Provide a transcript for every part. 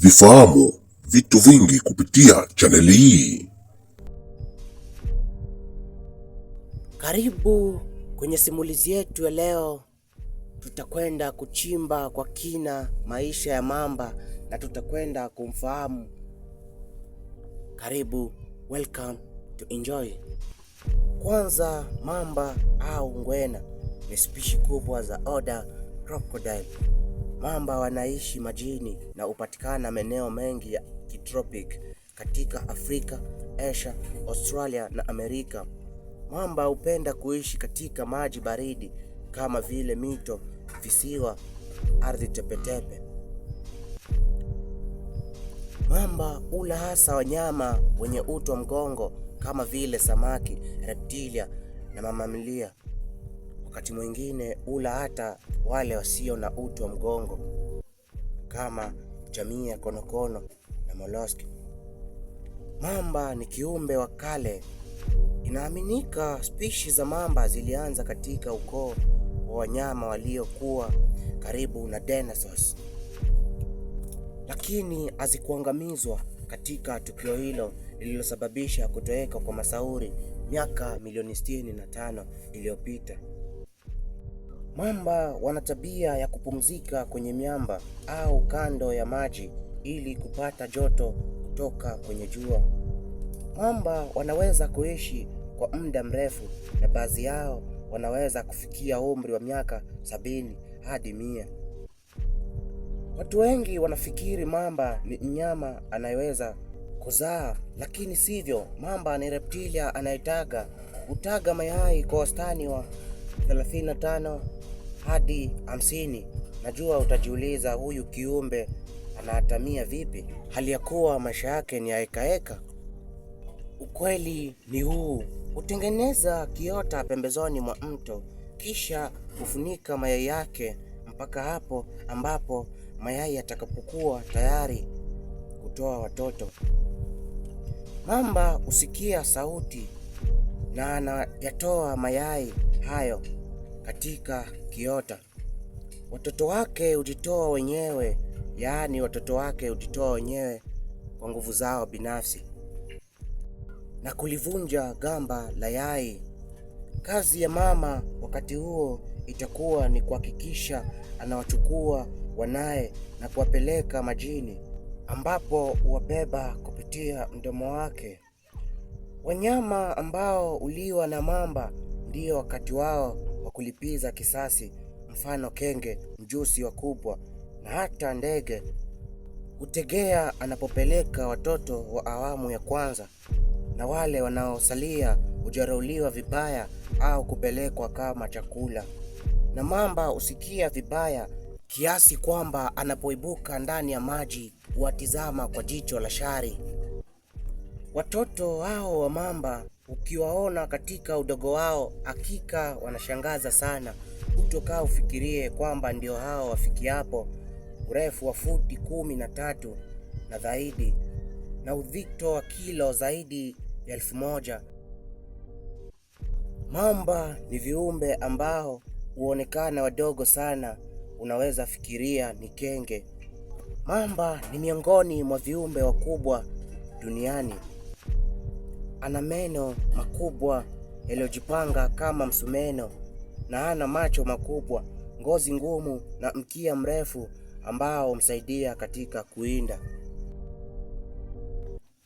vifahamu vitu vingi kupitia chaneli hii. Karibu kwenye simulizi yetu ya leo. Tutakwenda kuchimba kwa kina maisha ya mamba na tutakwenda kumfahamu. Karibu, welcome to enjoy. Kwanza, mamba au ngwena ni spishi kubwa za order crocodile Mamba wanaishi majini na hupatikana maeneo mengi ya kitropiki katika Afrika, Asia, Australia na Amerika. Mamba hupenda kuishi katika maji baridi kama vile mito, visiwa, ardhi tepetepe. Mamba hula hasa wanyama wenye uti wa mgongo kama vile samaki, reptilia na mamalia wakati mwingine ula hata wale wasio na uti wa mgongo kama jamii ya konokono na moloski. Mamba ni kiumbe wa kale. Inaaminika spishi za mamba zilianza katika ukoo wa wanyama waliokuwa karibu na dinosaurs, lakini hazikuangamizwa katika tukio hilo lililosababisha kutoweka kwa masauri miaka milioni 65 iliyopita. Mamba wana tabia ya kupumzika kwenye miamba au kando ya maji ili kupata joto kutoka kwenye jua. Mamba wanaweza kuishi kwa muda mrefu na baadhi yao wanaweza kufikia umri wa miaka sabini hadi mia. Watu wengi wanafikiri mamba ni mnyama anayeweza kuzaa, lakini sivyo. Mamba ni reptilia anayetaga, hutaga mayai kwa wastani wa 35 hadi hamsini. Najua utajiuliza huyu kiumbe anaatamia vipi, hali ya kuwa maisha yake ni aekaeka. Ukweli ni huu: hutengeneza kiota pembezoni mwa mto, kisha hufunika mayai yake mpaka hapo ambapo mayai yatakapokuwa tayari kutoa watoto. Mamba husikia sauti na anayatoa mayai hayo katika kiota. Watoto wake hujitoa wenyewe, yaani watoto wake hujitoa wenyewe kwa nguvu zao binafsi na kulivunja gamba la yai. Kazi ya mama wakati huo itakuwa ni kuhakikisha anawachukua wanaye na kuwapeleka majini, ambapo huwabeba kupitia mdomo wake. Wanyama ambao uliwa na mamba ndio wakati wao wa kulipiza kisasi, mfano kenge, mjusi wakubwa na hata ndege hutegea anapopeleka watoto wa awamu ya kwanza, na wale wanaosalia hujarauliwa vibaya au kupelekwa kama chakula. Na mamba husikia vibaya kiasi kwamba anapoibuka ndani ya maji huwatizama kwa jicho la shari. Watoto hao wa mamba Ukiwaona katika udogo wao, hakika wanashangaza sana. Hutokaa ufikirie kwamba ndio hao wafikiapo urefu wa futi kumi na tatu na zaidi na uzito wa kilo zaidi ya elfu moja. Mamba ni viumbe ambao huonekana wadogo sana, unaweza fikiria ni kenge. Mamba ni miongoni mwa viumbe wakubwa duniani ana meno makubwa yaliyojipanga kama msumeno, na ana macho makubwa, ngozi ngumu na mkia mrefu ambao humsaidia katika kuinda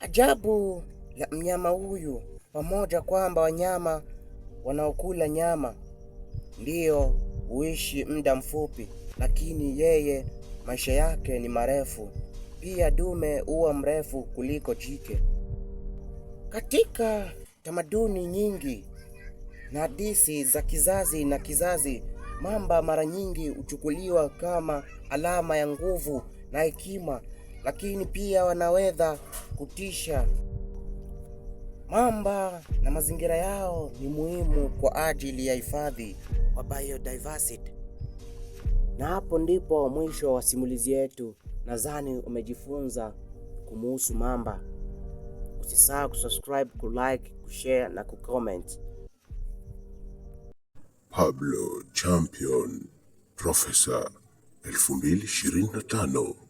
Ajabu la mnyama huyu, pamoja kwamba wanyama wanaokula nyama ndiyo huishi muda mfupi, lakini yeye maisha yake ni marefu. Pia dume huwa mrefu kuliko jike. Katika tamaduni nyingi na hadithi za kizazi na kizazi, mamba mara nyingi huchukuliwa kama alama ya nguvu na hekima, lakini pia wanaweza kutisha. Mamba na mazingira yao ni muhimu kwa ajili ya hifadhi wa biodiversity. Na hapo ndipo mwisho wa simulizi yetu. Nadhani umejifunza kumuhusu mamba. Usisahau kusubscribe, kulike, kushare na kucomment. Pablo Champion Professor 2025